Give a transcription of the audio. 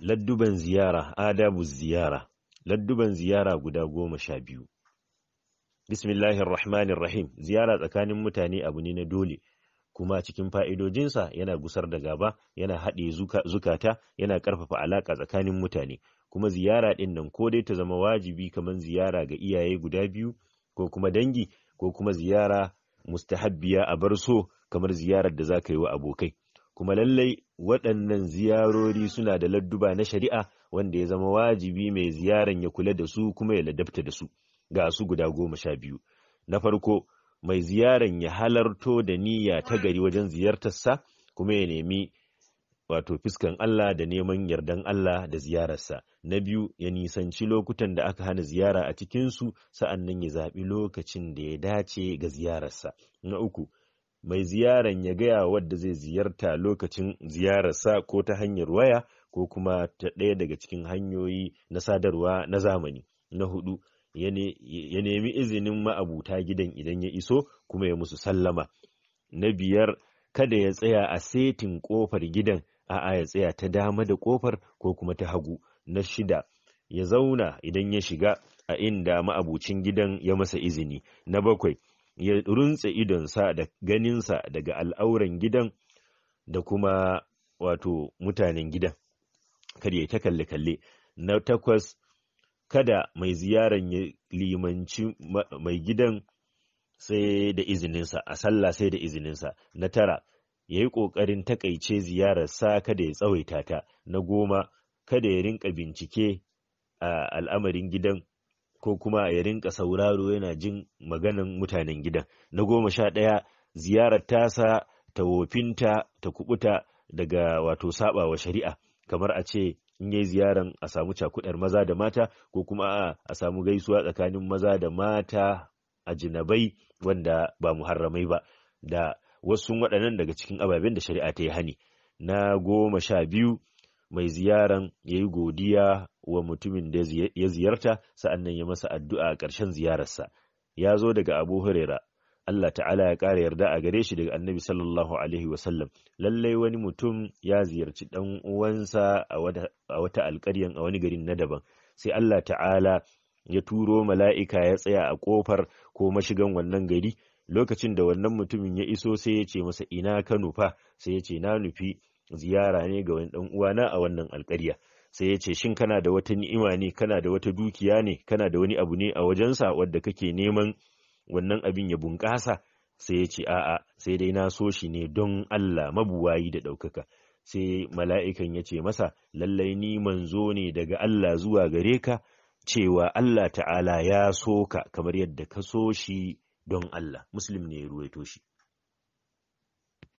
ladduban ziyara adabu ziyara ladduban ziyara guda goma sha biyu bismillahir rahmanir rahim ziyara tsakanin mutane abu ne na dole kuma cikin fa'idojinsa yana gusar da gaba yana haɗe zukata yana ƙarfafa alaƙa tsakanin mutane kuma ziyara ɗin nan ko dai ta zama wajibi kamar ziyara ga iyaye guda biyu ko kuma dangi ko kuma ziyara mustahabbiya a bar so kamar ziyarar da za ka yi wa abokai kuma lallai waɗannan ziyarori suna da ladduba na shari'a wanda ya zama wajibi mai ziyaran ya kula da su kuma ya ladabta da su ga su guda goma sha biyu na farko mai ziyaran ya halarto da niyya ta gari wajen ziyartarsa kuma ya nemi wato fiskan Allah da neman yardan Allah da ziyararsa na biyu ya nisanci lokutan da aka hana ziyara a cikinsu sa'an nan ya zaɓi lokacin da ya dace ga ziyararsa na uku mai ziyaran ya gaya wadda zai ziyarta lokacin ziyararsa ko ta hanyar waya ko kuma ta ɗaya daga cikin hanyoyi na sadarwa na zamani na hudu ya nemi izinin ma'abuta gidan idan ya iso kuma ya musu sallama na biyar kada ya tsaya a setin kofar gidan a'a ya tsaya ta dama da kofar ko kuma ta hagu na shida ya zauna idan ya shiga a inda ma'abucin gidan ya masa izini na bakwai ya runtse idonsa da ganinsa daga al'auran gidan da kuma wato mutanen gidan kada ya ta kalle-kalle na takwas kada mai ziyaran ya limanci mai gidan sai da izininsa a sallah sai da izininsa na tara ya yi ƙoƙarin takaice sa kada ya tsawaita ta na goma kada ya rinka bincike a al'amarin gidan ko kuma ya rinka sauraro yana jin maganan mutanen gidan na goma sha ɗaya ziyarar tasa ta wofinta ta kubuta daga wato wa shari'a kamar a ce in yi ziyarar a samu cakudar maza da mata ko kuma a samu gaisuwa tsakanin maza da mata a jinabai wanda ba muharramai ba da wasu waɗannan daga cikin ababen da shari'a ta yi hani na goma sha biyu mai ziyaran ya yi godiya wa mutumin da ya ziyarta sa'annan ya masa addu'a a ƙarshen ziyararsa ya zo daga Abu Huraira Allah ta'ala ya ƙara yarda a gare shi daga annabi sallallahu alaihi wasallam lallai wani mutum ya ziyarci ɗan uwansa a wata alƙaryan a wani garin na daban sai Allah ta'ala ya turo mala'ika ya tsaya a ƙofar ko mashigan wannan gari lokacin da wannan mutumin ya iso sai ya ce masa ina ka nufa sai ya ce na nufi ziyara ne ga wani ɗan uwana a wannan alƙarya sai ya ce shin kana da wata ni'ima ne kana da wata dukiya ne kana da wani abu ne a wajensa wadda kake neman wannan abin ya bunƙasa sai ya ce a'a sai dai na so shi ne don Allah mabuwayi da ɗaukaka sai mala'ikan ya ce masa lallai ni manzo ne daga Allah zuwa gare ka cewa Allah ta'ala ya so ka kamar yadda ka so shi don Allah muslim ne ya ruwaito shi